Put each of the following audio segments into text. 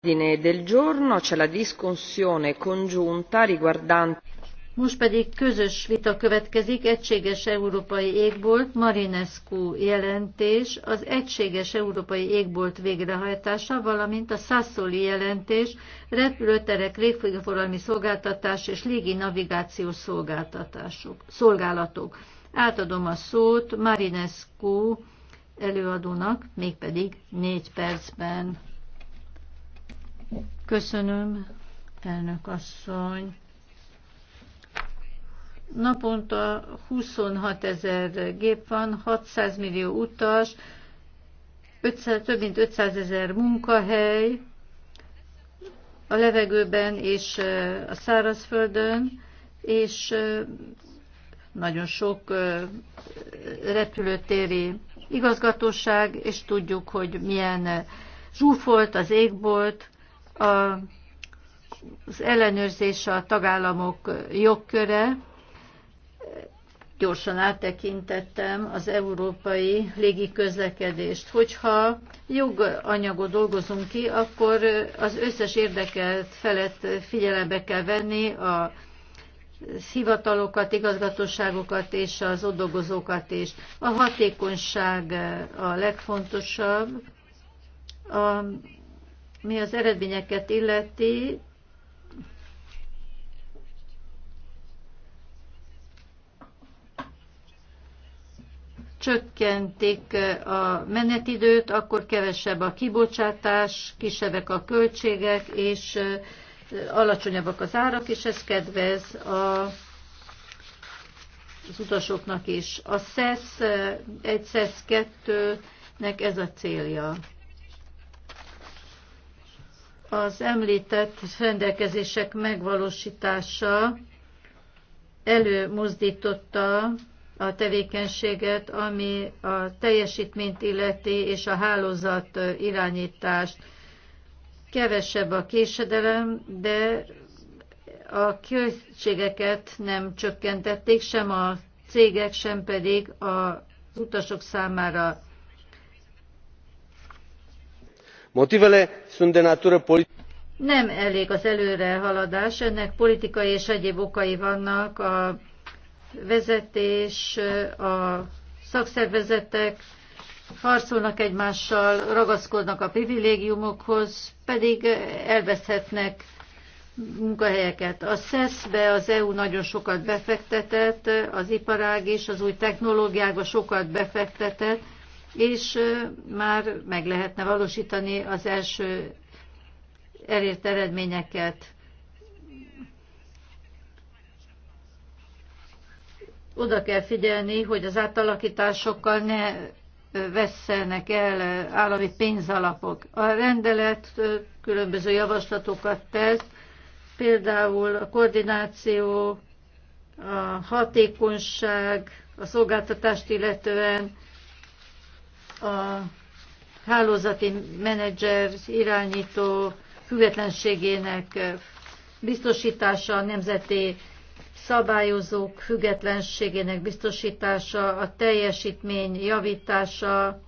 Ordine del giorno c'è la discussione congiunta riguardante most pedig közös vita következik egységes európai égbolt Marinescu jelentés, az egységes európai égbolt végrehajtása, valamint a Sassoli jelentés repülőterek, légfolyóforgalmi szolgáltatás és légi navigációs szolgáltatások, szolgálatok. Átadom a szót Marinescu előadónak, mégpedig négy percben. Köszönöm, elnök asszony. Naponta 26 ezer gép van, 600 millió utas, 500, több mint 500 ezer munkahely a levegőben és a szárazföldön, és nagyon sok repülőtéri igazgatóság, és tudjuk, hogy milyen zsúfolt az égbolt, a, az ellenőrzés a tagállamok jogköre. Gyorsan áttekintettem az európai légiközlekedést. Hogyha joganyagot dolgozunk ki, akkor az összes érdekelt felett figyelembe kell venni a hivatalokat, igazgatóságokat és az ott dolgozókat is. A hatékonyság a legfontosabb. A mi az eredményeket illeti, csökkentik a menetidőt, akkor kevesebb a kibocsátás, kisebbek a költségek, és alacsonyabbak az árak, és ez kedvez a, az utasoknak is. A SESZ, 1, SESZ 2-nek ez a célja az említett rendelkezések megvalósítása előmozdította a tevékenységet, ami a teljesítményt illeti és a hálózat irányítást. Kevesebb a késedelem, de a költségeket nem csökkentették, sem a cégek, sem pedig az utasok számára. motivele sunt de natură politică. Nem elég az előrehaladás, ennek politikai és egyéb okai vannak, a vezetés, a szakszervezetek harcolnak egymással, ragaszkodnak a privilégiumokhoz, pedig elveszhetnek munkahelyeket. A SESZ-be az EU nagyon sokat befektetett, az iparág is, az új technológiákba sokat befektetett, és már meg lehetne valósítani az első elért eredményeket. Oda kell figyelni, hogy az átalakításokkal ne vesszenek el állami pénzalapok. A rendelet különböző javaslatokat tesz, például a koordináció, a hatékonyság, a szolgáltatást illetően, a hálózati menedzser irányító függetlenségének biztosítása, a nemzeti szabályozók függetlenségének biztosítása, a teljesítmény javítása,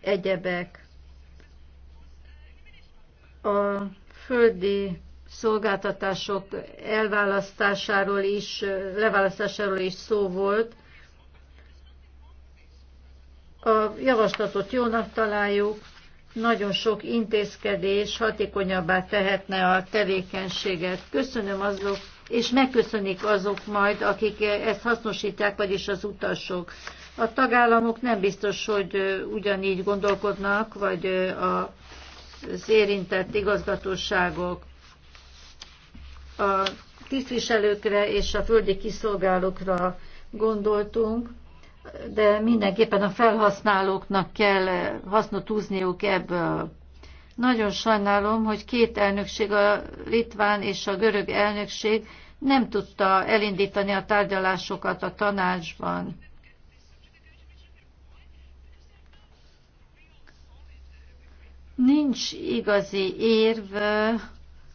egyebek. A földi szolgáltatások elválasztásáról is, leválasztásáról is szó volt, a javaslatot jónak találjuk, nagyon sok intézkedés hatékonyabbá tehetne a tevékenységet. Köszönöm azok, és megköszönik azok majd, akik ezt hasznosítják, vagyis az utasok. A tagállamok nem biztos, hogy ugyanígy gondolkodnak, vagy az érintett igazgatóságok. A tisztviselőkre és a földi kiszolgálókra gondoltunk, de mindenképpen a felhasználóknak kell hasznot húzniuk ebből. Nagyon sajnálom, hogy két elnökség, a litván és a görög elnökség nem tudta elindítani a tárgyalásokat a tanácsban. Nincs igazi érv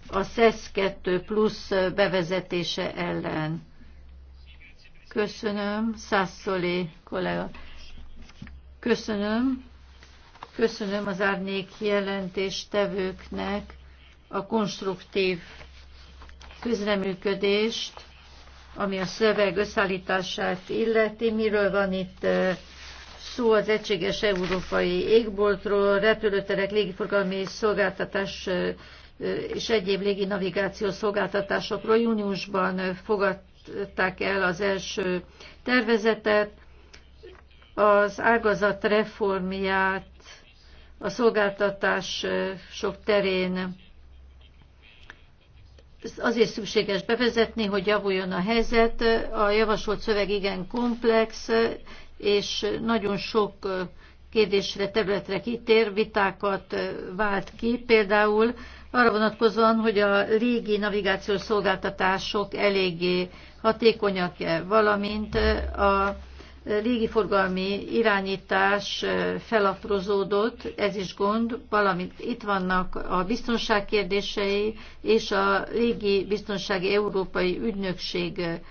a SES 2 plusz bevezetése ellen Köszönöm, Szászoli kollega. Köszönöm. Köszönöm az árnyék jelentéstevőknek a konstruktív közreműködést, ami a szöveg összeállítását illeti. Miről van itt szó az egységes európai égboltról, repülőterek, légiforgalmi szolgáltatás és egyéb légi navigáció szolgáltatásokról. Júniusban fogadt fogadták el az első tervezetet, az ágazat reformját a szolgáltatás sok terén azért szükséges bevezetni, hogy javuljon a helyzet. A javasolt szöveg igen komplex, és nagyon sok kérdésre, területre kitér, vitákat vált ki, például arra vonatkozóan, hogy a légi navigációs szolgáltatások eléggé hatékonyak-e, valamint a légiforgalmi irányítás felaprozódott, ez is gond, valamint itt vannak a biztonság kérdései és a légi biztonsági európai ügynökség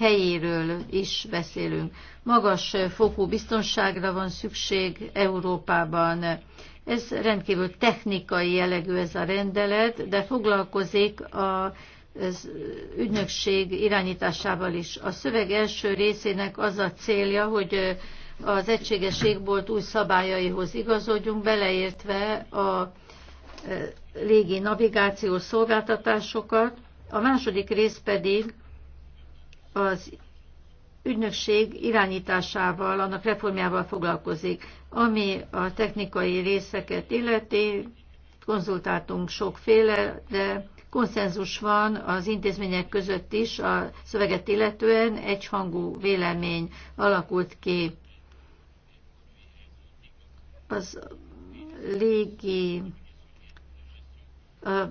helyéről is beszélünk. Magas fokú biztonságra van szükség Európában. Ez rendkívül technikai jellegű ez a rendelet, de foglalkozik a az ügynökség irányításával is. A szöveg első részének az a célja, hogy az egységes égbolt új szabályaihoz igazodjunk, beleértve a e, légi navigációs szolgáltatásokat. A második rész pedig az ügynökség irányításával, annak reformjával foglalkozik. Ami a technikai részeket illeti, konzultáltunk sokféle, de konszenzus van az intézmények között is a szöveget illetően, egyhangú vélemény alakult ki. Az légi a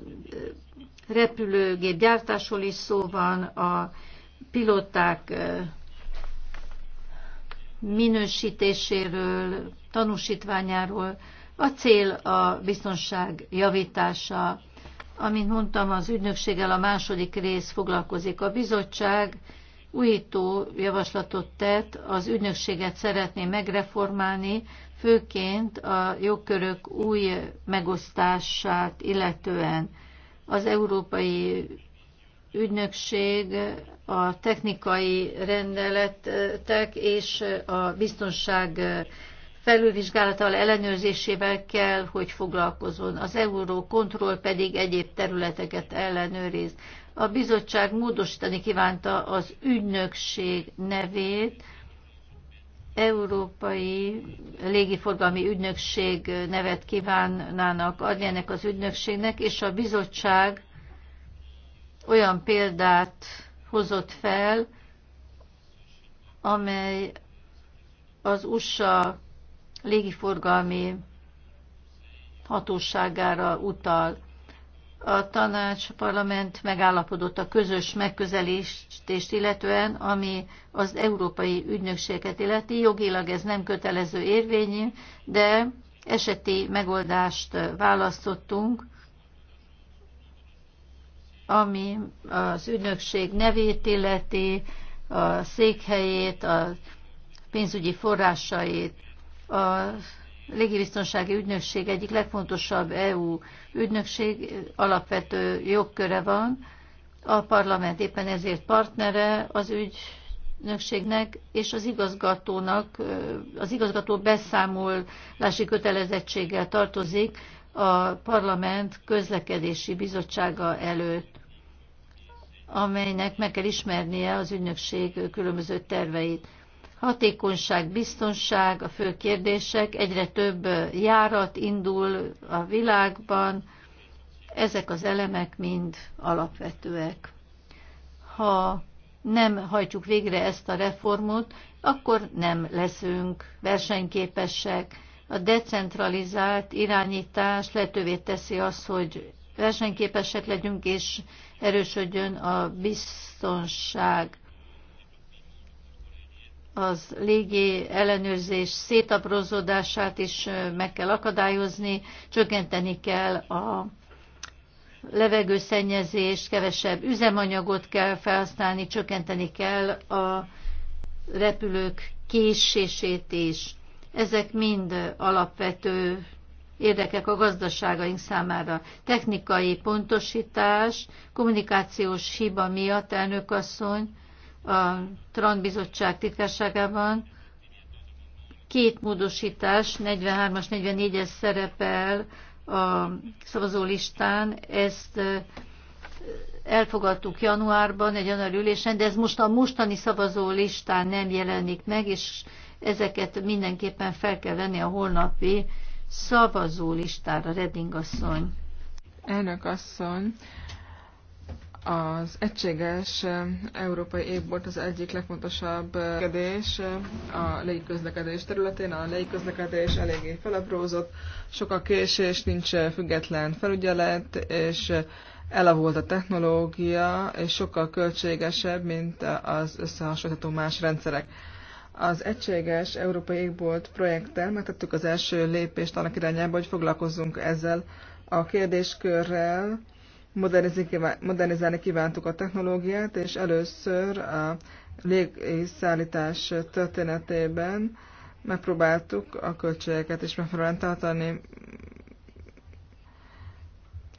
repülőgép gyártásról is szó van, a pilóták minősítéséről, tanúsítványáról. A cél a biztonság javítása. Amint mondtam, az ügynökséggel a második rész foglalkozik. A bizottság újító javaslatot tett, az ügynökséget szeretné megreformálni, főként a jogkörök új megosztását illetően az európai ügynökség a technikai rendeletek és a biztonság felülvizsgálatával, ellenőrzésével kell, hogy foglalkozon. Az eurókontroll pedig egyéb területeket ellenőriz. A bizottság módosítani kívánta az ügynökség nevét, Európai Légiforgalmi Ügynökség nevet kívánnának adjenek az ügynökségnek, és a bizottság olyan példát hozott fel, amely az USA légiforgalmi hatóságára utal. A tanács a parlament megállapodott a közös megközelítést illetően, ami az európai ügynökséget illeti. Jogilag ez nem kötelező érvényű, de eseti megoldást választottunk, ami az ügynökség nevét illeti, a székhelyét, a pénzügyi forrásait. A légibiztonsági ügynökség egyik legfontosabb EU ügynökség alapvető jogköre van. A parlament éppen ezért partnere az ügynökségnek, és az igazgatónak, az igazgató beszámolási kötelezettséggel tartozik a parlament közlekedési bizottsága előtt amelynek meg kell ismernie az ügynökség különböző terveit. Hatékonyság, biztonság a fő kérdések, egyre több járat indul a világban, ezek az elemek mind alapvetőek. Ha nem hajtjuk végre ezt a reformot, akkor nem leszünk versenyképesek. A decentralizált irányítás lehetővé teszi azt, hogy versenyképesek legyünk, és erősödjön a biztonság. Az légi ellenőrzés szétaprozódását is meg kell akadályozni, csökkenteni kell a levegőszennyezést, kevesebb üzemanyagot kell felhasználni, csökkenteni kell a repülők késését is. Ezek mind alapvető érdekek a gazdaságaink számára. Technikai pontosítás, kommunikációs hiba miatt, elnökasszony, a Tran bizottság titkárságában két módosítás, 43-as, 44-es szerepel a szavazólistán, ezt elfogadtuk januárban egy január ülésen, de ez most a mostani szavazó listán nem jelenik meg, és ezeket mindenképpen fel kell venni a holnapi szavazó listára, Redding asszony. Elnök asszony, az egységes európai évbort az egyik legfontosabb kedés, a légiközlekedés területén. A légiközlekedés eléggé felaprózott, sok a késés, nincs független felügyelet, és elavult a technológia, és sokkal költségesebb, mint az összehasonlítható más rendszerek az egységes európai égbolt projekttel megtettük az első lépést annak irányába, hogy foglalkozzunk ezzel a kérdéskörrel, modernizálni kívántuk a technológiát, és először a légszállítás történetében megpróbáltuk a költségeket is megfelelően tartani.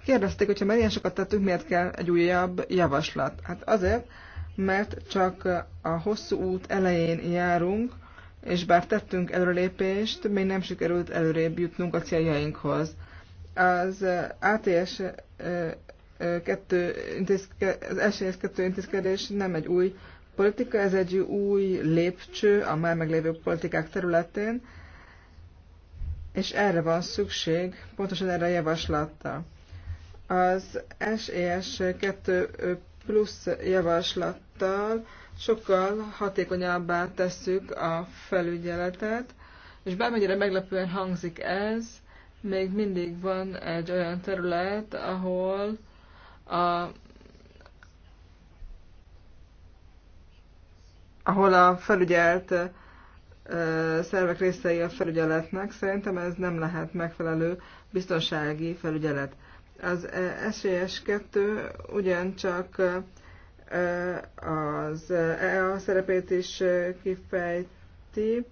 Kérdezték, hogyha már ilyen sokat tettünk, miért kell egy újabb javaslat? Hát azért, mert csak a hosszú út elején járunk, és bár tettünk előlépést, még nem sikerült előrébb jutnunk a céljainkhoz. Az ATS 2 az SES kettő intézkedés nem egy új politika, ez egy új lépcső a már meglévő politikák területén, és erre van szükség, pontosan erre a javaslattal. Az SES 2 plusz javaslat ezáltal sokkal hatékonyabbá tesszük a felügyeletet, és bármennyire meglepően hangzik ez, még mindig van egy olyan terület, ahol a ahol a felügyelt szervek részei a felügyeletnek, szerintem ez nem lehet megfelelő biztonsági felügyelet. Az SES2 ugyancsak az EA szerepét is kifejti,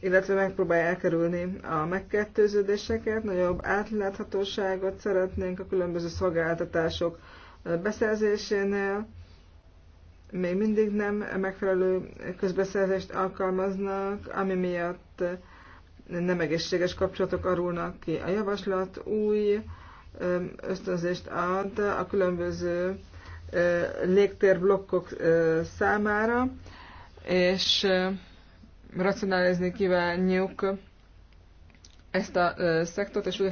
illetve megpróbálja elkerülni a megkettőződéseket, nagyobb átláthatóságot szeretnénk a különböző szolgáltatások beszerzésénél. Még mindig nem megfelelő közbeszerzést alkalmaznak, ami miatt nem egészséges kapcsolatok arulnak ki. A javaslat új ösztönzést ad a különböző légtérblokkok számára, és racionalizni kívánjuk ezt a szektort, és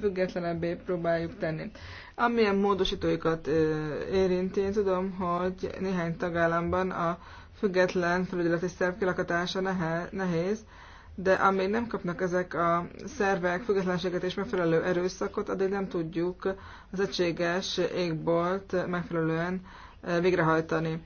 függetlenebbé próbáljuk tenni. Amilyen módosítóikat érinti, én tudom, hogy néhány tagállamban a független felügyeleti szerv kilakatása nehéz, de amíg nem kapnak ezek a szervek függetlenséget és megfelelő erőszakot, addig nem tudjuk az egységes égbolt megfelelően eh, végrehajtani.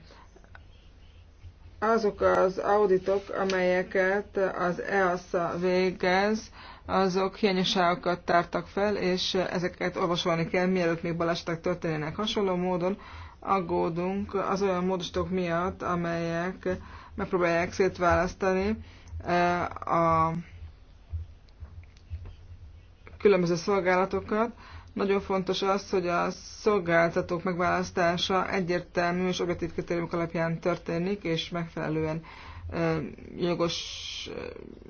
Azok az auditok, amelyeket az EASA végez, azok hiányosságokat tártak fel, és ezeket olvasolni kell, mielőtt még balesetek történjenek. Hasonló módon aggódunk az olyan módosítók miatt, amelyek megpróbálják szétválasztani a különböző szolgálatokat. Nagyon fontos az, hogy a szolgáltatók megválasztása egyértelmű és objektív kritériumok alapján történik, és megfelelően jogos,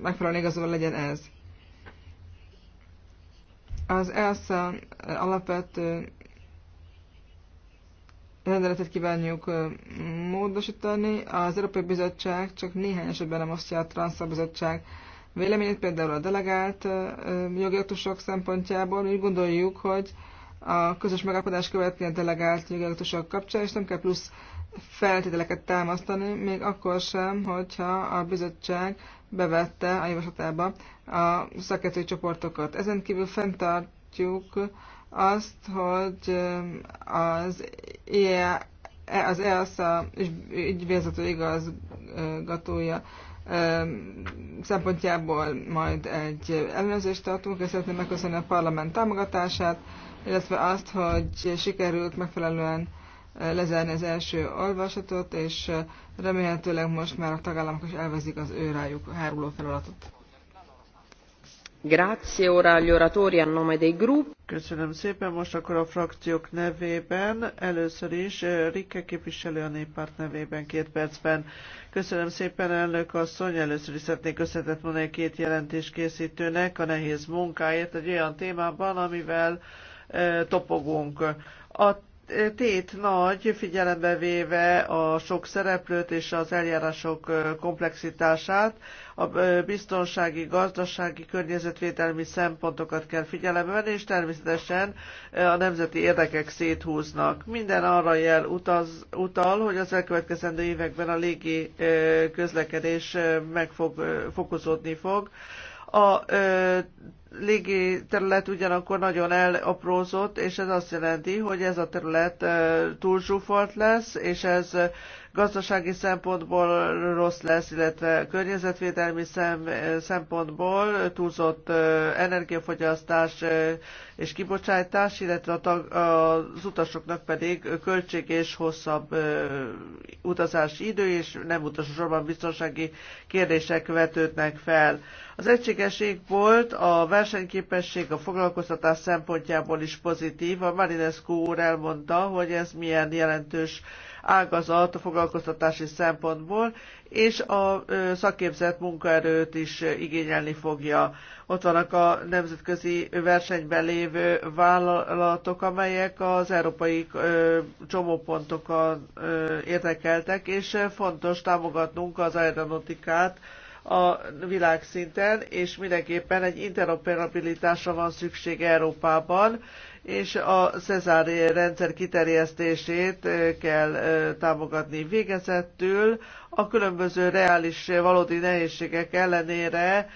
megfelelően igazolva legyen ez. Az ELSA alapvető rendeletet kívánjuk módosítani. Az Európai Bizottság csak néhány esetben nem osztja a Transzal Bizottság véleményét, például a delegált jogi aktusok szempontjából. Úgy gondoljuk, hogy a közös megállapodás követni a delegált jogi aktusok kapcsán, és nem kell plusz feltételeket támasztani, még akkor sem, hogyha a bizottság bevette a javaslatába a szakértői csoportokat. Ezen kívül fenntartjuk azt, hogy az EA, az EASA ügyvezető igazgatója szempontjából majd egy ellenőrzést tartunk, és szeretném megköszönni a parlament támogatását, illetve azt, hogy sikerült megfelelően lezárni az első olvasatot, és remélhetőleg most már a tagállamok is elvezik az ő rájuk háruló feladatot. Grazie ora agli oratori a nome dei gruppi. Köszönöm szépen. Most akkor a frakciók nevében, először is eh, Rikke képviselő a néppárt nevében két percben. Köszönöm szépen, elnök asszony. Először is szeretnék köszönetet mondani két jelentés készítőnek a nehéz munkáért egy olyan témában, amivel eh, topogunk. A tét nagy, figyelembe véve a sok szereplőt és az eljárások komplexitását, a biztonsági, gazdasági, környezetvédelmi szempontokat kell figyelembe venni, és természetesen a nemzeti érdekek széthúznak. Minden arra jel utaz, utal, hogy az elkövetkezendő években a légi közlekedés meg fog, fokozódni fog a légi terület ugyanakkor nagyon elaprózott, és ez azt jelenti, hogy ez a terület túlzsúfolt lesz, és ez gazdasági szempontból rossz lesz, illetve környezetvédelmi szempontból túlzott energiafogyasztás és kibocsátás, illetve az utasoknak pedig költség és hosszabb utazási idő, és nem utasosorban biztonsági kérdések vetődnek fel. Az egységes volt a versenyképesség a foglalkoztatás szempontjából is pozitív. A Marinescu úr elmondta, hogy ez milyen jelentős ágazat a foglalkoztatási szempontból, és a szakképzett munkaerőt is igényelni fogja. Ott vannak a nemzetközi versenyben lévő vállalatok, amelyek az európai csomópontokon érdekeltek, és fontos támogatnunk az aeronautikát, a világszinten, és mindenképpen egy interoperabilitásra van szükség Európában, és a Cezár rendszer kiterjesztését kell támogatni végezettül. A különböző reális valódi nehézségek ellenére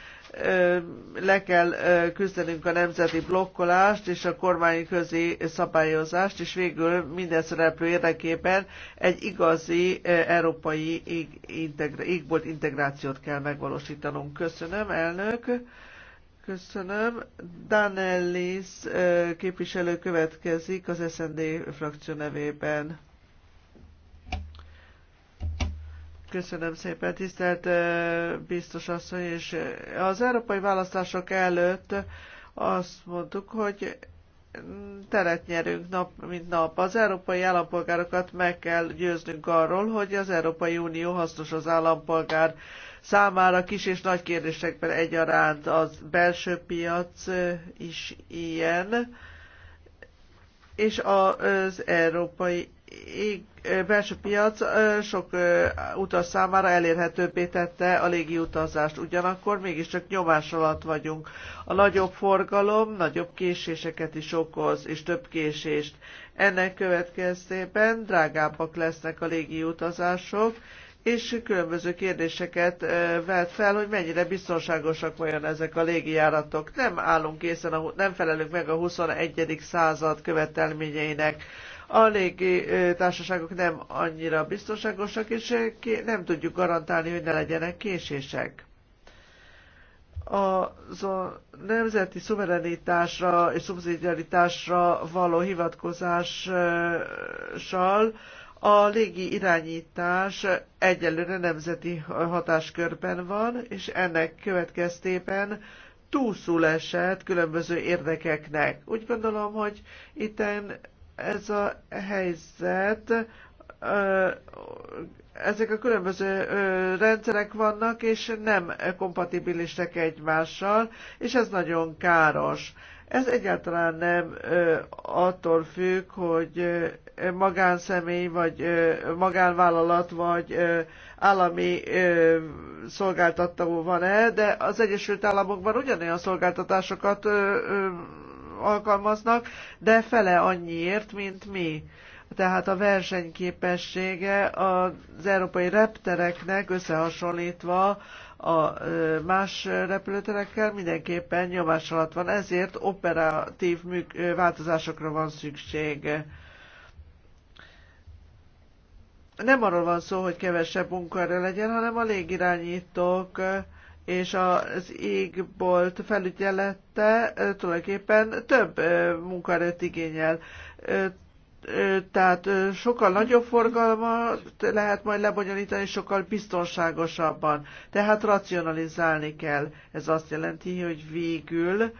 le kell küzdenünk a nemzeti blokkolást és a közé szabályozást, és végül minden szereplő érdekében egy igazi európai ígbolt integrációt kell megvalósítanunk. Köszönöm, elnök! Köszönöm. Danellis képviselő következik az SND frakció nevében. Köszönöm szépen, tisztelt biztos asszony, és az európai választások előtt azt mondtuk, hogy teret nyerünk nap, mint nap. Az európai állampolgárokat meg kell győznünk arról, hogy az Európai Unió hasznos az állampolgár számára kis és nagy kérdésekben egyaránt. Az belső piac is ilyen, és az európai belső piac sok utas számára elérhetőbbé tette a légi utazást. Ugyanakkor mégiscsak nyomás alatt vagyunk. A nagyobb forgalom nagyobb késéseket is okoz, és több késést. Ennek következtében drágábbak lesznek a légi utazások, és különböző kérdéseket vet fel, hogy mennyire biztonságosak vajon ezek a légijáratok. Nem állunk készen, nem felelünk meg a 21. század követelményeinek a légi társaságok nem annyira biztonságosak, és nem tudjuk garantálni, hogy ne legyenek késések a nemzeti szuverenitásra és szubszidiaritásra való hivatkozással a légi irányítás egyelőre nemzeti hatáskörben van, és ennek következtében túlszul esett különböző érdekeknek. Úgy gondolom, hogy itten ez a helyzet, ezek a különböző rendszerek vannak, és nem kompatibilisek egymással, és ez nagyon káros. Ez egyáltalán nem attól függ, hogy magánszemély, vagy magánvállalat, vagy állami szolgáltató van-e, de az Egyesült Államokban ugyanolyan szolgáltatásokat alkalmaznak, de fele annyiért, mint mi. Tehát a versenyképessége az európai reptereknek összehasonlítva a más repülőterekkel mindenképpen nyomás alatt van, ezért operatív változásokra van szükség. Nem arról van szó, hogy kevesebb munkaerő legyen, hanem a légirányítók és az égbolt felügyelette tulajdonképpen több munkaerőt igényel. Tehát sokkal nagyobb forgalmat lehet majd lebonyolítani, sokkal biztonságosabban. Tehát racionalizálni kell. Ez azt jelenti, hogy végül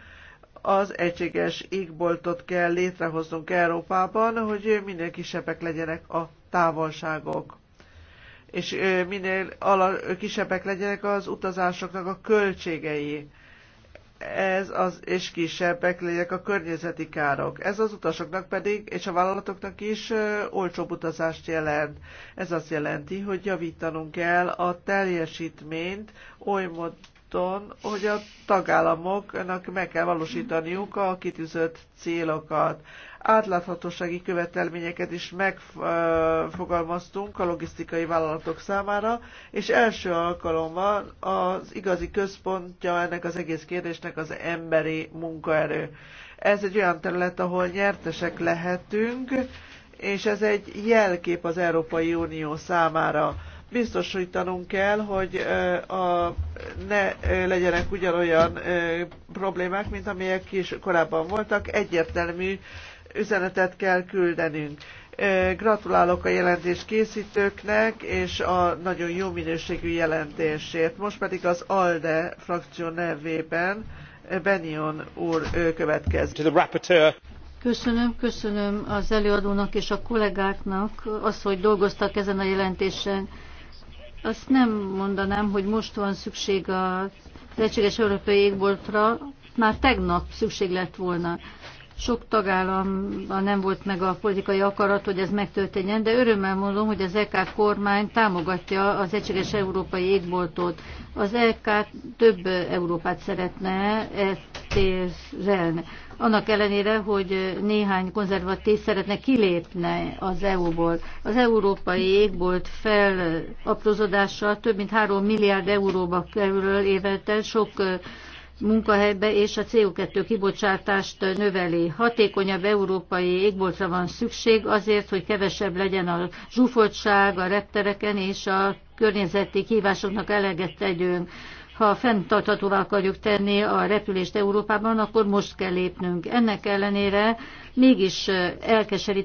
az egységes égboltot kell létrehoznunk Európában, hogy minél kisebbek legyenek a távolságok és minél ala, kisebbek legyenek az utazásoknak a költségei. Ez az, és kisebbek legyenek a környezeti károk. Ez az utasoknak pedig, és a vállalatoknak is olcsóbb utazást jelent. Ez azt jelenti, hogy javítanunk kell a teljesítményt oly mód, úton, hogy a tagállamoknak meg kell valósítaniuk a kitűzött célokat. Átláthatósági követelményeket is megfogalmaztunk a logisztikai vállalatok számára, és első alkalommal az igazi központja ennek az egész kérdésnek az emberi munkaerő. Ez egy olyan terület, ahol nyertesek lehetünk, és ez egy jelkép az Európai Unió számára biztosítanunk kell, hogy a, ne legyenek ugyanolyan problémák, mint amelyek is korábban voltak. Egyértelmű üzenetet kell küldenünk. Gratulálok a jelentés készítőknek és a nagyon jó minőségű jelentésért. Most pedig az ALDE frakció nevében Benion úr következik. Köszönöm, köszönöm az előadónak és a kollégáknak az, hogy dolgoztak ezen a jelentésen. Azt nem mondanám, hogy most van szükség a lehetséges európai égboltra, már tegnap szükség lett volna. Sok tagállamban nem volt meg a politikai akarat, hogy ez megtörténjen, de örömmel mondom, hogy az EK kormány támogatja az egységes európai égboltot. Az EK több Európát szeretne, ezt háttérrel. Annak ellenére, hogy néhány konzervatív szeretne kilépne az EU-ból. Az európai égbolt felaprózódása több mint 3 milliárd euróba kerül évente, sok munkahelybe és a CO2 kibocsátást növeli. Hatékonyabb európai égboltra van szükség azért, hogy kevesebb legyen a zsúfoltság a reptereken és a környezeti kívásoknak eleget tegyünk ha fenntarthatóvá akarjuk tenni a repülést Európában, akkor most kell lépnünk. Ennek ellenére mégis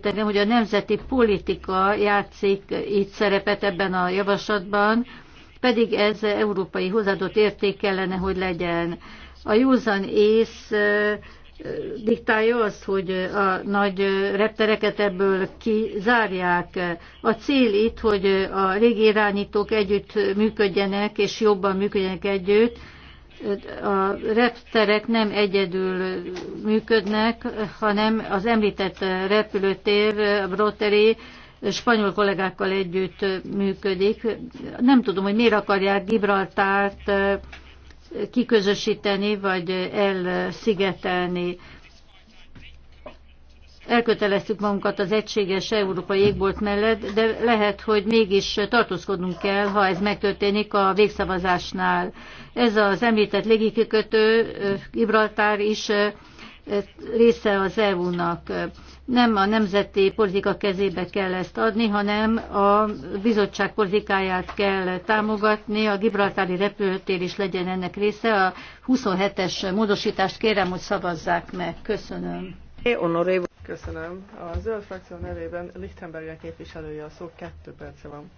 engem, hogy a nemzeti politika játszik itt szerepet ebben a javaslatban, pedig ez európai hozadott érték kellene, hogy legyen. A józan ész diktálja azt, hogy a nagy reptereket ebből kizárják. A cél itt, hogy a régi irányítók együtt működjenek, és jobban működjenek együtt. A repterek nem egyedül működnek, hanem az említett repülőtér, Broteri, spanyol kollégákkal együtt működik. Nem tudom, hogy miért akarják Gibraltárt kiközösíteni, vagy elszigetelni. Elköteleztük magunkat az egységes európai égbolt mellett, de lehet, hogy mégis tartózkodnunk kell, ha ez megtörténik a végszavazásnál. Ez az említett légikikötő, Gibraltár is része az EU-nak. Nem a nemzeti politika kezébe kell ezt adni, hanem a bizottság politikáját kell támogatni, a Gibraltári repülőtér is legyen ennek része. A 27-es módosítást kérem, hogy szavazzák meg. Köszönöm. Köszönöm. A zöld frakció nevében Lichtenberger képviselője a szó, kettő perce van.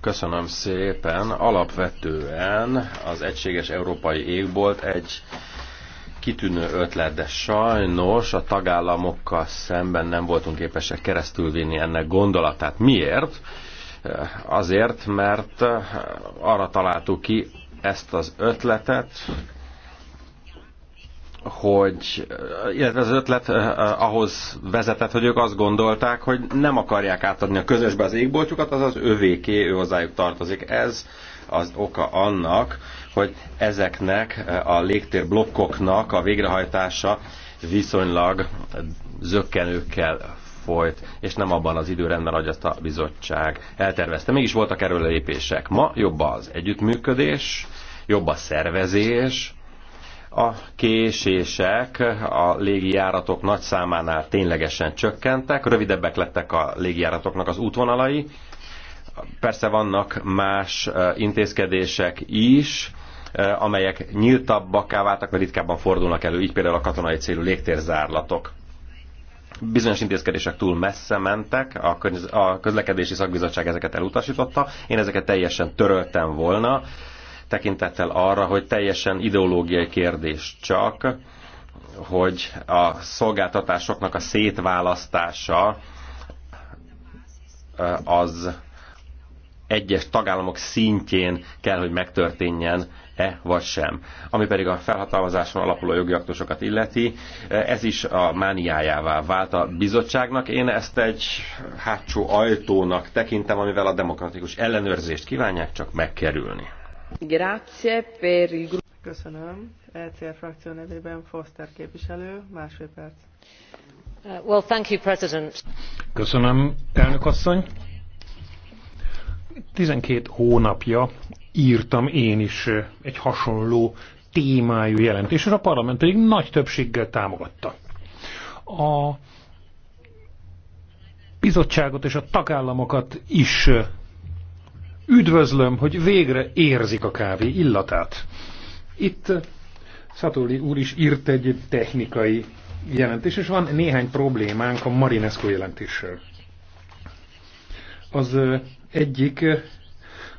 Köszönöm szépen. Alapvetően az egységes európai égbolt egy kitűnő ötlet, de sajnos a tagállamokkal szemben nem voltunk képesek keresztülvinni ennek gondolatát. Miért? Azért, mert arra találtuk ki ezt az ötletet, hogy, illetve az ötlet eh, ahhoz vezetett, hogy ők azt gondolták, hogy nem akarják átadni a közösbe az égboltjukat, az az övéké, ő hozzájuk tartozik. Ez az oka annak, hogy ezeknek eh, a légtér blokkoknak a végrehajtása viszonylag zökkenőkkel folyt, és nem abban az időrendben, ahogy azt a bizottság eltervezte. Mégis voltak erről lépések. Ma jobb az együttműködés, jobb a szervezés, a késések a légijáratok nagy számánál ténylegesen csökkentek, rövidebbek lettek a légijáratoknak az útvonalai. Persze vannak más eh, intézkedések is, amelyek nyíltabbakká váltak, mert ritkábban fordulnak elő, így például a katonai célú légtérzárlatok. Bizonyos intézkedések túl messze mentek, a, a közlekedési szakbizottság ezeket elutasította, én ezeket teljesen töröltem volna, tekintettel arra, hogy teljesen ideológiai kérdés csak, hogy a szolgáltatásoknak a szétválasztása az egyes tagállamok szintjén kell, hogy megtörténjen e vagy sem. Ami pedig a felhatalmazáson alapuló jogi aktusokat illeti, e, ez is a mániájává vált a bizottságnak. Én ezt egy hátsó ajtónak tekintem, amivel a demokratikus ellenőrzést kívánják csak megkerülni. Grazie per il... Köszönöm. ECR frakció nevében Foster képviselő, másfél perc. Uh, well, thank you, President. Köszönöm, elnök asszony. 12 hónapja írtam én is egy hasonló témájú jelentés és a parlament pedig nagy többséggel támogatta. A bizottságot és a tagállamokat is üdvözlöm, hogy végre érzik a kávé illatát. Itt Szatoli úr is írt egy technikai jelentés, és van néhány problémánk a Marinesco jelentéssel. Az egyik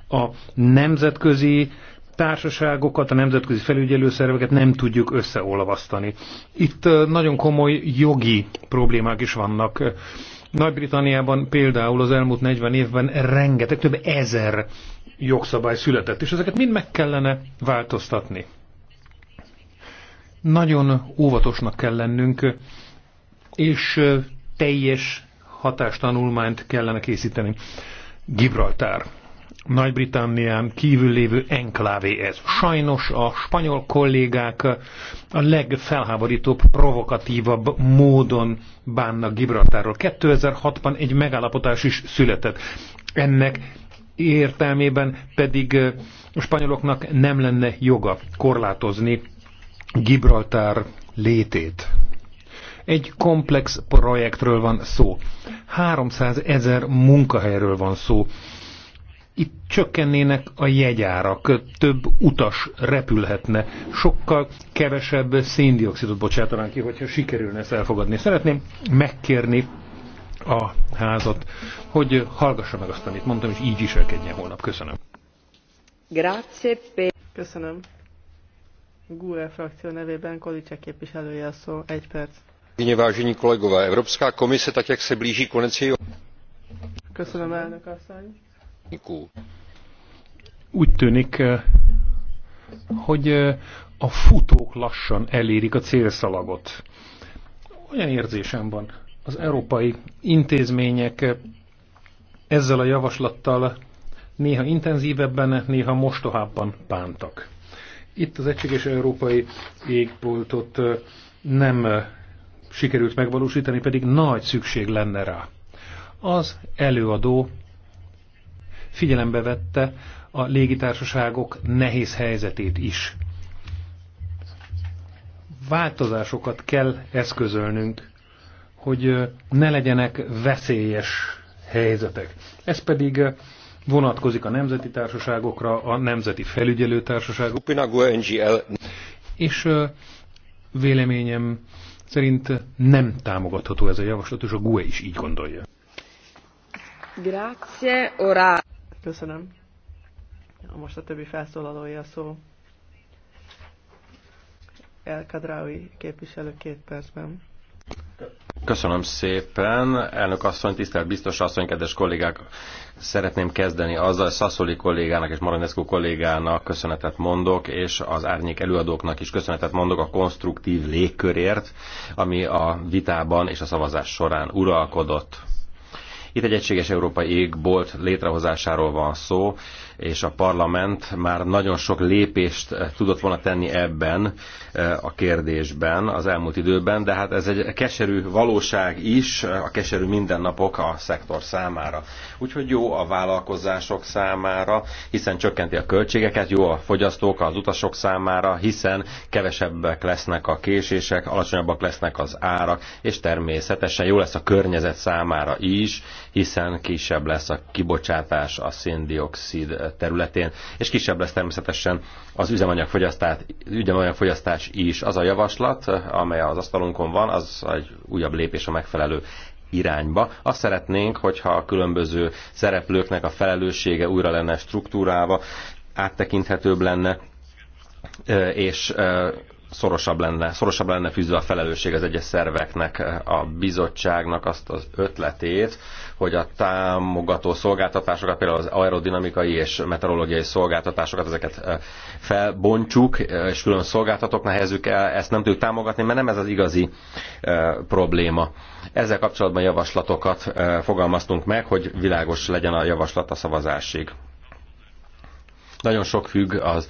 a nemzetközi társaságokat, a nemzetközi felügyelőszerveket nem tudjuk összeolvasztani. Itt nagyon komoly jogi problémák is vannak. Nagy-Britanniában például az elmúlt 40 évben rengeteg, több ezer jogszabály született, és ezeket mind meg kellene változtatni. Nagyon óvatosnak kell lennünk, és teljes hatástanulmányt kellene készíteni. Gibraltár. Nagy-Britannián kívül lévő enklávé ez. Sajnos a spanyol kollégák a legfelháborítóbb, provokatívabb módon bánnak Gibraltárról. 2006-ban egy megállapotás is született. Ennek értelmében pedig a spanyoloknak nem lenne joga korlátozni Gibraltár létét. Egy komplex projektről van szó. 300 ezer munkahelyről van szó. Itt csökkennének a jegyárak, több utas repülhetne, sokkal kevesebb széndiokszidot bocsátanánk ki, hogyha sikerülne ezt elfogadni. Szeretném megkérni a házat, hogy hallgassa meg azt, amit mondtam, és így viselkedjen holnap. Köszönöm. Grazie per... Köszönöm. GUE frakció nevében Kolicek képviselője a szó. Egy perc evropská komise tak jak se blíží konec jejího úgy tűnik, eh, hogy eh, a futók lassan elérik a célszalagot. Olyan érzésem van, az európai intézmények eh, ezzel a javaslattal néha intenzívebben, néha mostohábban bántak. Itt az egységes európai égboltot nem sikerült megvalósítani, pedig nagy szükség lenne rá. Az előadó figyelembe vette a légitársaságok nehéz helyzetét is. Változásokat kell eszközölnünk, hogy ne legyenek veszélyes helyzetek. Ez pedig vonatkozik a nemzeti társaságokra, a nemzeti felügyelőtársaságokra. És véleményem szerint nem támogatható ez a javaslat, és a GUE is így gondolja. Grazie, ora. Köszönöm. Most a többi felszólalója szó. El Kadraui képviselő két percben. Köszönöm szépen, elnök asszony, tisztelt biztos asszony, kedves kollégák! Szeretném kezdeni azzal, hogy Szaszoli kollégának és Maraneszkó kollégának köszönetet mondok, és az árnyék előadóknak is köszönetet mondok a konstruktív légkörért, ami a vitában és a szavazás során uralkodott. Itt egy egységes európai égbolt létrehozásáról van szó, és a parlament már nagyon sok lépést eh, tudott volna tenni ebben eh, a kérdésben az elmúlt időben, de hát ez egy keserű valóság is, eh, a keserű mindennapok a szektor számára. Úgyhogy jó a vállalkozások számára, hiszen csökkenti a költségeket, jó a fogyasztók, az utasok számára, hiszen kevesebbek lesznek a késések, alacsonyabbak lesznek az árak, és természetesen jó lesz a környezet számára is, hiszen kisebb lesz a kibocsátás a széndiokszid területén, és kisebb lesz természetesen az üzemanyagfogyasztás, is. Az a javaslat, amely az asztalunkon van, az egy újabb lépés a megfelelő irányba. Azt szeretnénk, hogyha a különböző szereplőknek a felelőssége újra lenne struktúrálva, áttekinthetőbb lenne, és szorosabb lenne, szorosabb lenne fűzve a felelősség az egyes szerveknek, a bizottságnak azt az ötletét, hogy a támogató szolgáltatásokat, például az aerodinamikai és meteorológiai szolgáltatásokat, ezeket eh, felbontsuk, eh, és külön szolgáltatók nehezük el, ezt nem tudjuk támogatni, mert nem ez az igazi eh, probléma. Ezzel kapcsolatban javaslatokat fogalmaztunk meg, hogy világos legyen a javaslat a szavazásig. Nagyon sok függ az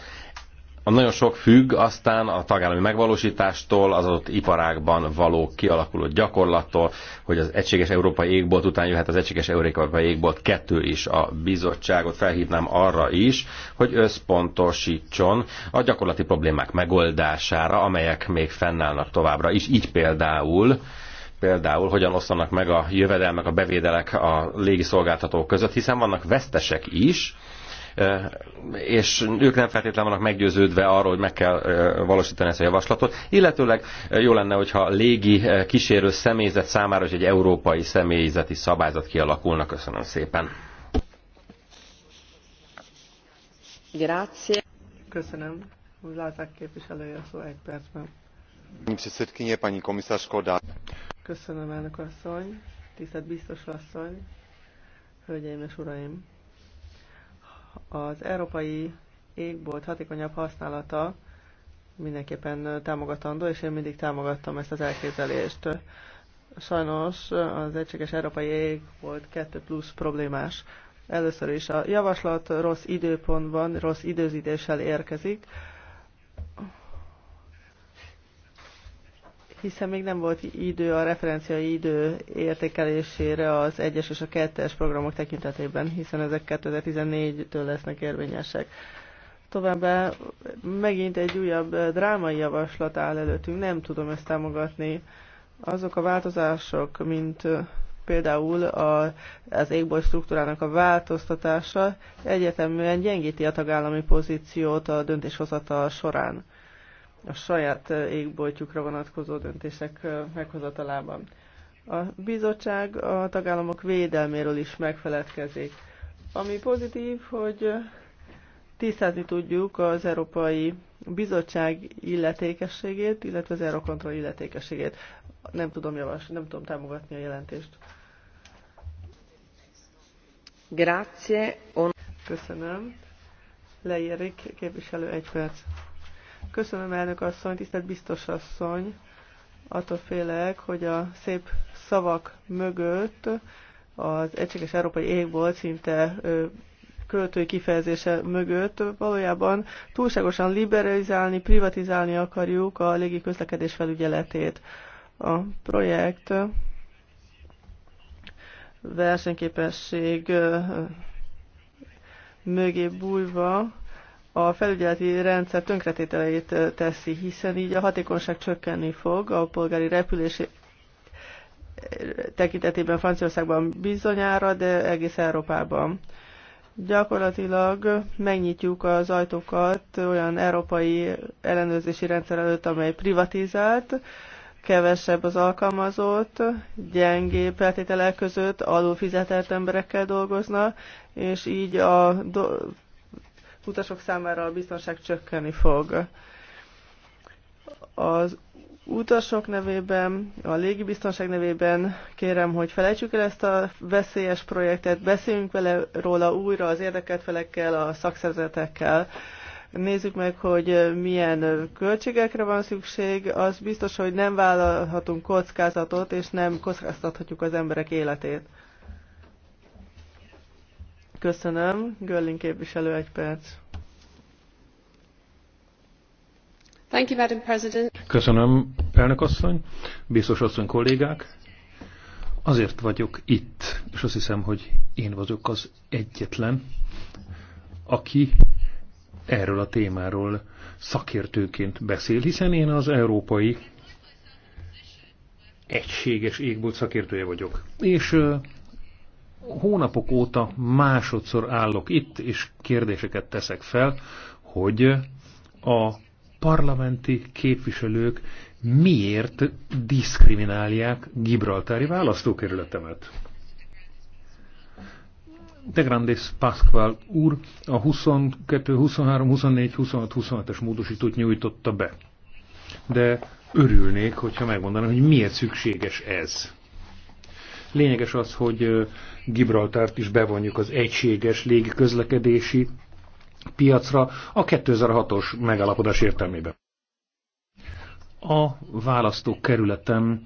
nagyon sok függ aztán a tagállami megvalósítástól, az adott iparágban való kialakuló gyakorlattól, hogy az egységes európai égbolt után jöhet az egységes európai égbolt kettő is a bizottságot. Felhívnám arra is, hogy összpontosítson a gyakorlati problémák megoldására, amelyek még fennállnak továbbra is. Így például például hogyan osztanak meg a jövedelmek, a bevédelek a légiszolgáltatók között, hiszen vannak vesztesek is, és ők nem feltétlenül vannak meggyőződve arról, hogy meg kell valósítani ezt a javaslatot, illetőleg jó lenne, hogyha légi kísérő személyzet számára is egy európai személyzeti szabályzat kialakulna. Köszönöm szépen. Grazie. Köszönöm. Lázák képviselője a szó egy percben. Pani předsedkyně, paní Köszönöm, elnök asszony, tisztelt biztos asszony, hölgyeim és uraim az európai égbolt hatékonyabb használata mindenképpen támogatandó, és én mindig támogattam ezt az elképzelést. Sajnos az egységes európai égbolt 2 plusz problémás. Először is a javaslat rossz időpontban, rossz időzítéssel érkezik, hiszen még nem volt idő a referenciai idő értékelésére az 1-es és a 2-es programok tekintetében, hiszen ezek 2014-től lesznek érvényesek. Továbbá megint egy újabb drámai javaslat áll előttünk, nem tudom ezt támogatni. Azok a változások, mint például a, az égboly struktúrának a változtatása egyeteműen gyengíti a tagállami pozíciót a döntéshozatal során a saját égboltjukra vonatkozó döntések meghozatalában. A bizottság a tagállamok védelméről is megfeledkezik. Ami pozitív, hogy tisztázni tudjuk az Európai Bizottság illetékességét, illetve az Eurocontrol illetékességét. Nem tudom javasolni, nem tudom támogatni a jelentést. Grazie. Köszönöm. Leérik képviselő egy perc. Köszönöm, elnök asszony, tisztelt biztos asszony. Attól félek, hogy a szép szavak mögött az Egységes Európai Égbolt szinte költői kifejezése mögött valójában túlságosan liberalizálni, privatizálni akarjuk a légi közlekedés felügyeletét. A projekt versenyképesség mögé bújva a felügyeleti rendszer tönkretételeit teszi, hiszen így a hatékonyság csökkenni fog a polgári repülés tekintetében Franciaországban bizonyára, de egész Európában. Gyakorlatilag megnyitjuk az ajtókat olyan európai ellenőrzési rendszer előtt, amely privatizált, kevesebb az alkalmazott, gyengébb feltételek között fizetett emberekkel dolgoznak, és így a do- utasok számára a biztonság csökkenni fog. Az utasok nevében, a légibiztonság nevében kérem, hogy felejtsük el ezt a veszélyes projektet, beszéljünk vele róla újra az érdekelt felekkel, a szakszerzetekkel. nézzük meg, hogy milyen költségekre van szükség, az biztos, hogy nem vállalhatunk kockázatot, és nem kockáztathatjuk az emberek életét. Köszönöm. Görling képviselő, egy perc. Thank you, Madam President. Köszönöm, elnök asszony, biztos asszony kollégák. Azért vagyok itt, és azt hiszem, hogy én vagyok az egyetlen, aki erről a témáról szakértőként beszél, hiszen én az európai egységes égbolt szakértője vagyok. És hónapok óta másodszor állok itt, és kérdéseket teszek fel, hogy a parlamenti képviselők miért diszkriminálják Gibraltári választókerületemet. De Grandis Pasqual úr a 22, 23, 24, 26, 27-es módosítót nyújtotta be. De örülnék, hogyha megmondanám, hogy miért szükséges ez. Lényeges az, hogy Gibraltárt is bevonjuk az egységes légiközlekedési piacra a 2006-os megállapodás értelmében. A választókerületen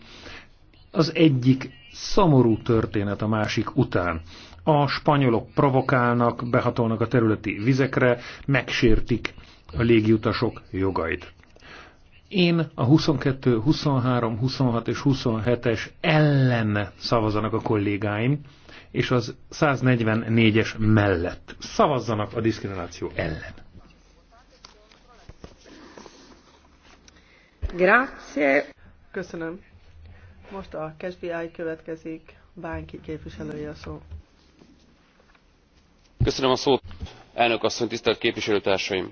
az egyik szomorú történet a másik után. A spanyolok provokálnak, behatolnak a területi vizekre, megsértik a légiutasok jogait én a 22, 23, 26 és 27-es ellen szavazanak a kollégáim, és az 144-es mellett. Szavazzanak a diszkrimináció ellen. Grazie. Köszönöm. Most a KSBI következik, Bánki képviselője a szó. Köszönöm a szót, elnök asszony, tisztelt képviselőtársaim!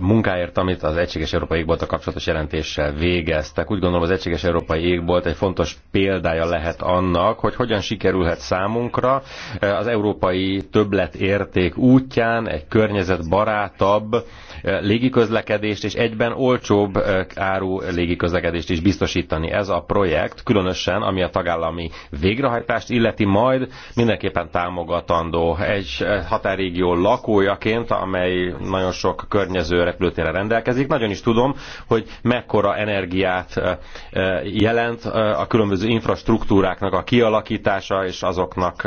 munkáért, amit az Egységes Európai a kapcsolatos jelentéssel végeztek. Úgy gondolom az Egységes Európai Égbolt egy fontos példája lehet annak, hogy hogyan sikerülhet számunkra az európai többletérték útján egy környezetbarátabb légiközlekedést és egyben olcsóbb áru légiközlekedést is biztosítani. Ez a projekt, különösen ami a tagállami végrehajtást illeti, majd mindenképpen támogatandó. Egy határégió lakójaként, amely nagyon sok környezet létező repülőtérre rendelkezik. Nagyon is tudom, hogy mekkora energiát jelent a különböző infrastruktúráknak a kialakítása és azoknak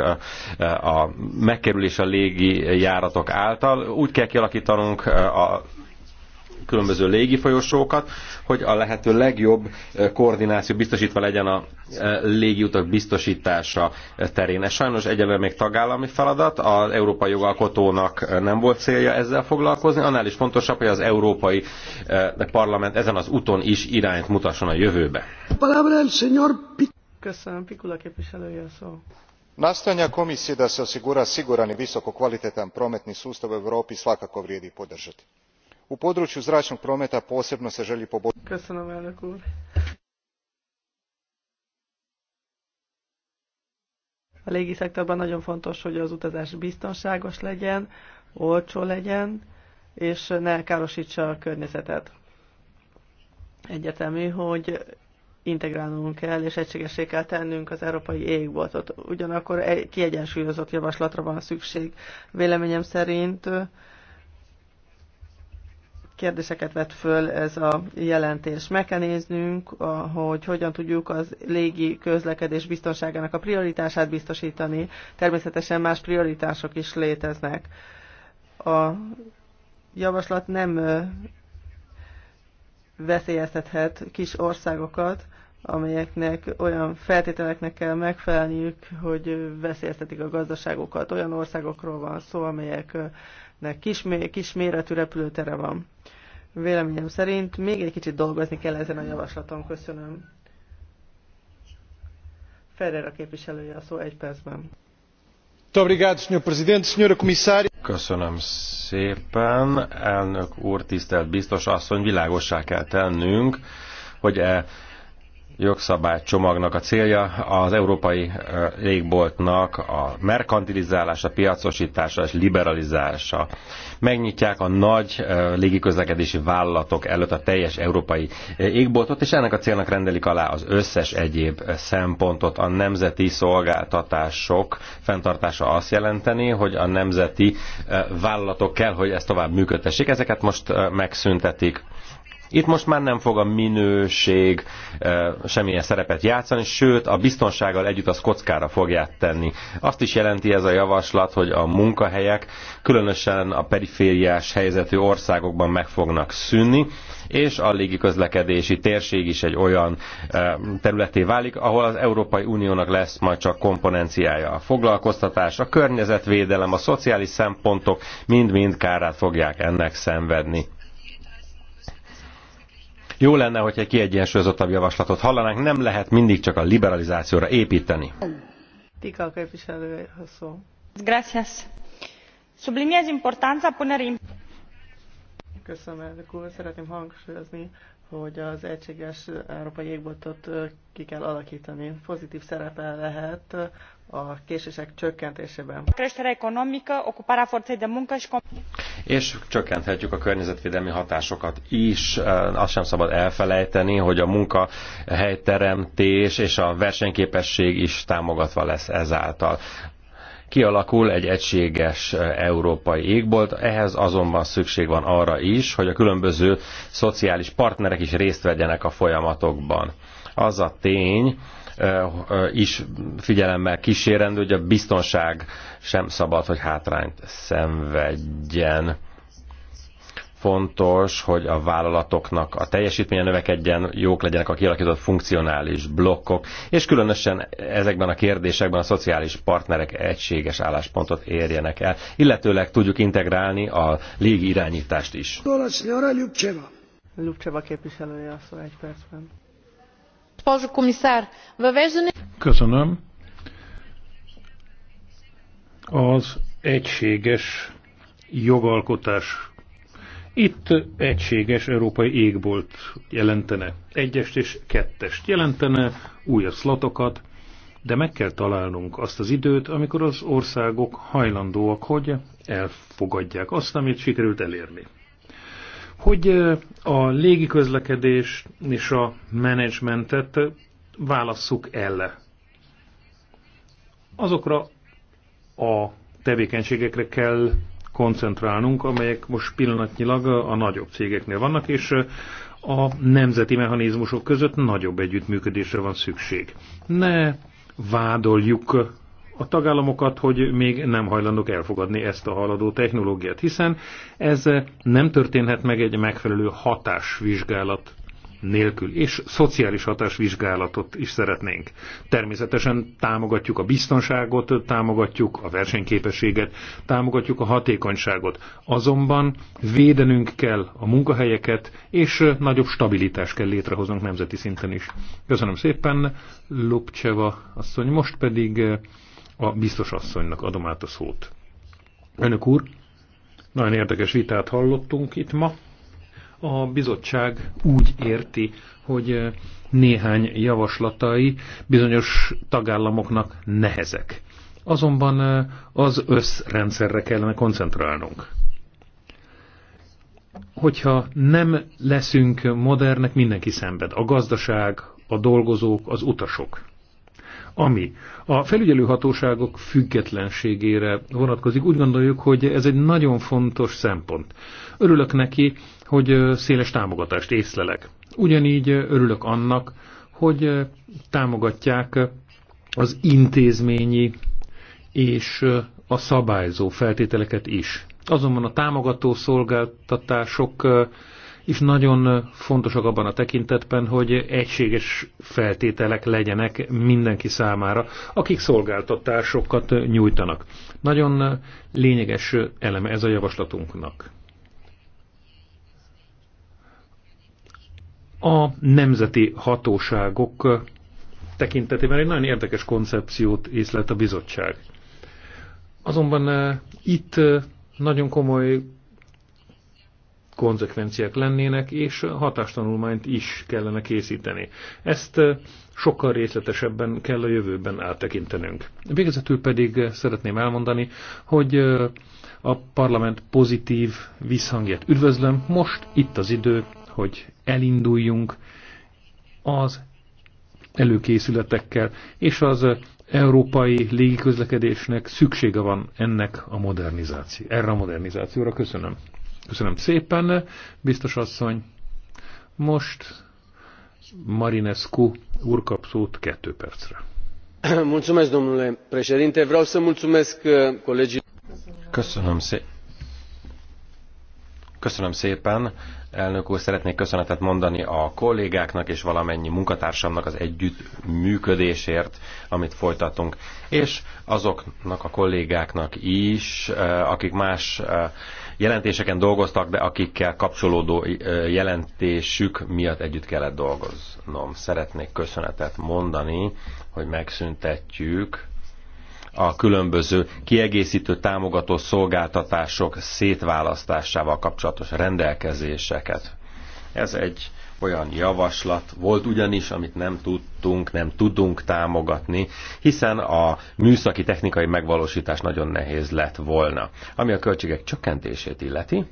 a megkerülése a légi járatok által. Úgy kell kialakítanunk a különböző légifolyosókat, hogy a lehető legjobb eh, koordináció biztosítva legyen a eh, légiutak biztosítása eh, terén. Ez sajnos egyelőre még tagállami feladat, az európai jogalkotónak nem volt célja ezzel foglalkozni, annál is fontosabb, hogy az európai parlament ezen az úton is irányt mutasson a jövőbe. Köszönöm, Pikula képviselője szó Nastanja komisije da se osigura siguran i kvalitetan prometni sustav u europi svakako vrijedi podržati u podruju zranog prometa posebno se eli poboljati A légiszektorban nagyon fontos, hogy az utazás biztonságos legyen, olcsó legyen, és ne károsítsa a környezetet. Egyetemű, hogy integrálnunk kell, és egységesé kell tennünk az európai égboltot. Ugyanakkor egy kiegyensúlyozott javaslatra van szükség. Véleményem szerint kérdéseket vett föl ez a jelentés. Meg kell néznünk, hogy hogyan tudjuk az légi közlekedés biztonságának a prioritását biztosítani. Természetesen más prioritások is léteznek. A javaslat nem veszélyeztethet kis országokat, amelyeknek olyan feltételeknek kell megfelelniük, hogy veszélyeztetik a gazdaságokat. Olyan országokról van szó, amelyeknek kis, kisméretű repülőtere van. Véleményem szerint még egy kicsit dolgozni kell ezen a javaslaton. Köszönöm. Ferrer a képviselője a szó egy percben. Köszönöm szépen, elnök úr, tisztelt biztos asszony, világossá kell tennünk, hogy e jogszabálycsomagnak a célja az európai légboltnak a merkantilizálása, piacosítása és liberalizálása. Megnyitják a nagy légiközlekedési vállalatok előtt a teljes európai égboltot, és ennek a célnak rendelik alá az összes egyéb szempontot. A nemzeti szolgáltatások fenntartása azt jelenteni, hogy a nemzeti vállalatok kell, hogy ezt tovább működtessék. Ezeket most megszüntetik itt most már nem fog a minőség e, semmilyen szerepet játszani, sőt a biztonsággal együtt az kockára fogják tenni. Azt is jelenti ez a javaslat, hogy a munkahelyek különösen a perifériás helyzetű országokban meg fognak szűnni, és a légiközlekedési térség is egy olyan e, területé válik, ahol az Európai Uniónak lesz majd csak komponenciája. A foglalkoztatás, a környezetvédelem, a szociális szempontok mind-mind kárát fogják ennek szenvedni. Jó lenne, hogyha egy kiegyensúlyozottabb javaslatot hallanánk, nem lehet mindig csak a liberalizációra építeni. Tika a szó. Gracias. Subliniez importanța Köszönöm, elnök úr. Szeretném hangsúlyozni, hogy az egységes európai égboltot ki kell alakítani. Pozitív szerepe lehet a késések csökkentésében. És csökkenthetjük a környezetvédelmi hatásokat is. Azt sem szabad elfelejteni, hogy a munkahelyteremtés és a versenyképesség is támogatva lesz ezáltal kialakul egy egységes európai égbolt, ehhez azonban szükség van arra is, hogy a különböző szociális partnerek is részt vegyenek a folyamatokban. Az a tény, Eh, is figyelemmel kísérendő, hogy a biztonság sem szabad, hogy hátrányt szenvedjen. Fontos, hogy a vállalatoknak a teljesítménye növekedjen, jók legyenek a kialakított funkcionális blokkok, és különösen ezekben a kérdésekben a szociális partnerek egységes álláspontot érjenek el, illetőleg tudjuk integrálni a légi irányítást is. Lubcseva képviselője a szó egy percben. Köszönöm. Az egységes jogalkotás. Itt egységes európai égbolt jelentene. Egyest és kettest jelentene, újabb szlatokat, de meg kell találnunk azt az időt, amikor az országok hajlandóak, hogy elfogadják azt, amit sikerült elérni hogy a légiközlekedés és a menedzsmentet válasszuk el. Azokra a tevékenységekre kell koncentrálnunk, amelyek most pillanatnyilag a nagyobb cégeknél vannak, és a nemzeti mechanizmusok között nagyobb együttműködésre van szükség. Ne vádoljuk a tagállamokat, hogy még nem hajlandók elfogadni ezt a haladó technológiát, hiszen ez nem történhet meg egy megfelelő hatásvizsgálat nélkül, és szociális hatásvizsgálatot is szeretnénk. Természetesen támogatjuk a biztonságot, támogatjuk a versenyképességet, támogatjuk a hatékonyságot. Azonban védenünk kell a munkahelyeket, és nagyobb stabilitást kell létrehoznunk nemzeti szinten is. Köszönöm szépen, Lupcseva asszony. Most pedig a biztos asszonynak adom át a szót. Önök úr, nagyon érdekes vitát hallottunk itt ma. A bizottság úgy érti, hogy eh, néhány javaslatai bizonyos tagállamoknak nehezek. Azonban eh, az összrendszerre kellene koncentrálnunk. Hogyha nem leszünk modernek, mindenki szenved. A gazdaság, a dolgozók, az utasok. Ami a felügyelőhatóságok függetlenségére vonatkozik, úgy gondoljuk, hogy ez egy nagyon fontos szempont. Örülök neki, hogy széles támogatást észlelek. Ugyanígy örülök annak, hogy támogatják az intézményi és a szabályzó feltételeket is. Azonban a támogató szolgáltatások és nagyon fontosak abban a tekintetben, hogy egységes feltételek legyenek mindenki számára, akik szolgáltatásokat nyújtanak. Nagyon lényeges eleme ez a javaslatunknak. A nemzeti hatóságok tekintetében egy nagyon érdekes koncepciót észlelt a bizottság. Azonban eh, itt eh, nagyon komoly konzekvenciák lennének, és hatástanulmányt is kellene készíteni. Ezt sokkal részletesebben kell a jövőben áttekintenünk. Végezetül pedig szeretném elmondani, hogy a parlament pozitív visszhangját üdvözlöm. Most itt az idő, hogy elinduljunk az előkészületekkel, és az európai légiközlekedésnek szüksége van ennek a modernizáció, erre a modernizációra. Köszönöm. Köszönöm szépen, biztos asszony. Most Marinescu úr kettő percre. Mulțumesc, domnule președinte. Vreau să mulțumesc uh, colegii. Köszönöm szépen. Köszönöm szépen. Elnök úr, szeretnék köszönetet mondani a kollégáknak és valamennyi munkatársamnak az együtt működésért, amit folytatunk. És azoknak a kollégáknak is, uh, akik más uh, jelentéseken dolgoztak, de akikkel kapcsolódó jelentésük miatt együtt kellett dolgoznom. Szeretnék köszönetet mondani, hogy megszüntetjük a különböző kiegészítő támogató szolgáltatások szétválasztásával kapcsolatos rendelkezéseket. Ez egy olyan javaslat volt ugyanis, amit nem tudtunk, nem tudunk támogatni, hiszen a műszaki technikai megvalósítás nagyon nehéz lett volna. Ami a költségek csökkentését illeti,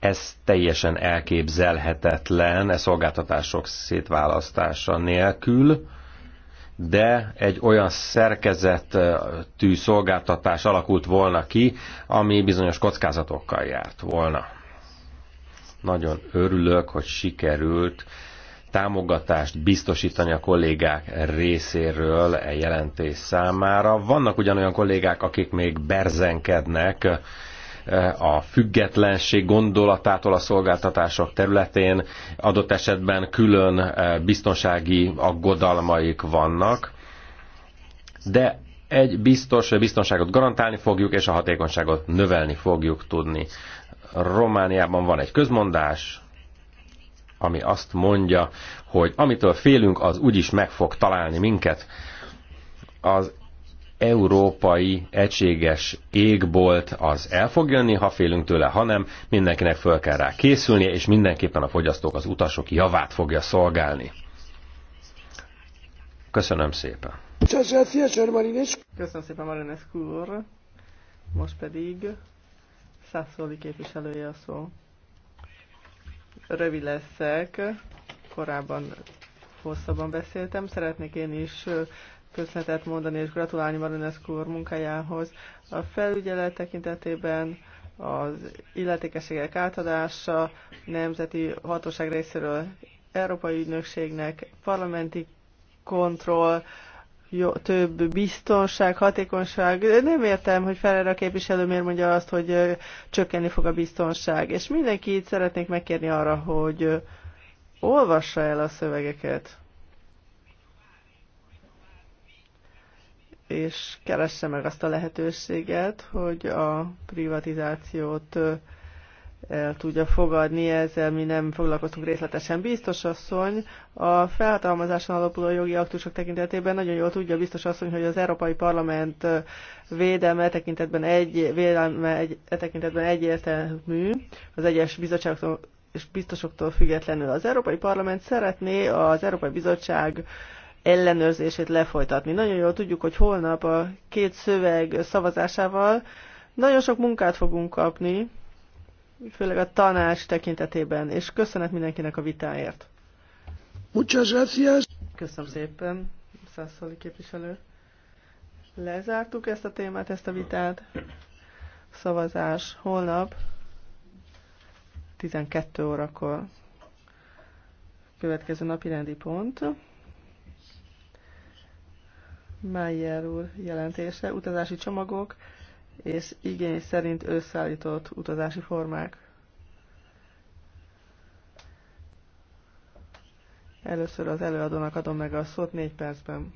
ez teljesen elképzelhetetlen, e szolgáltatások szétválasztása nélkül, de egy olyan szerkezetű szolgáltatás alakult volna ki, ami bizonyos kockázatokkal járt volna. Nagyon örülök, hogy sikerült támogatást biztosítani a kollégák részéről e jelentés számára. Vannak ugyanolyan kollégák, akik még berzenkednek a függetlenség gondolatától a szolgáltatások területén, adott esetben külön eh, biztonsági aggodalmaik vannak, de egy biztos, biztonságot garantálni fogjuk, és a hatékonyságot növelni fogjuk tudni. Romániában van egy közmondás, ami azt mondja, hogy amitől félünk, az úgyis meg fog találni minket. Az európai egységes égbolt az el fog jönni, ha félünk tőle, hanem mindenkinek föl kell rá készülnie, és mindenképpen a fogyasztók, az utasok javát fogja szolgálni. Köszönöm szépen. Köszönöm szépen, Marinescu úr. Most pedig Szászoli képviselője a szó. Rövid leszek. Korábban hosszabban beszéltem. Szeretnék én is köszönetet mondani és gratulálni Marinescu úr munkájához. A felügyelet tekintetében az illetékességek átadása nemzeti hatóság részéről Európai Ügynökségnek parlamenti kontroll, jó, több biztonság, hatékonyság. Nem értem, hogy Ferrer a képviselő miért mondja azt, hogy csökkenni fog a biztonság. És mindenkit szeretnék megkérni arra, hogy olvassa el a szövegeket. és keresse meg azt a lehetőséget, hogy a privatizációt el tudja fogadni, ezzel mi nem foglalkoztunk részletesen. Biztos asszony, a felhatalmazáson alapuló jogi aktusok tekintetében nagyon jól tudja biztos asszony, hogy az Európai Parlament védelme tekintetben egy, védelme egy, e tekintetben egyértelmű, az egyes bizottságoktól és biztosoktól függetlenül. Az Európai Parlament szeretné az Európai Bizottság ellenőrzését lefolytatni. Nagyon jól tudjuk, hogy holnap a két szöveg szavazásával nagyon sok munkát fogunk kapni, főleg a tanács tekintetében, és köszönet mindenkinek a vitáért. Muchas gracias. Köszönöm szépen, Szászoli képviselő. Lezártuk ezt a témát, ezt a vitát. Szavazás holnap 12 órakor. Következő napi rendi pont. Meyer úr jelentése, utazási csomagok és igény szerint összeállított utazási formák. Először az előadónak adom meg a szót négy percben.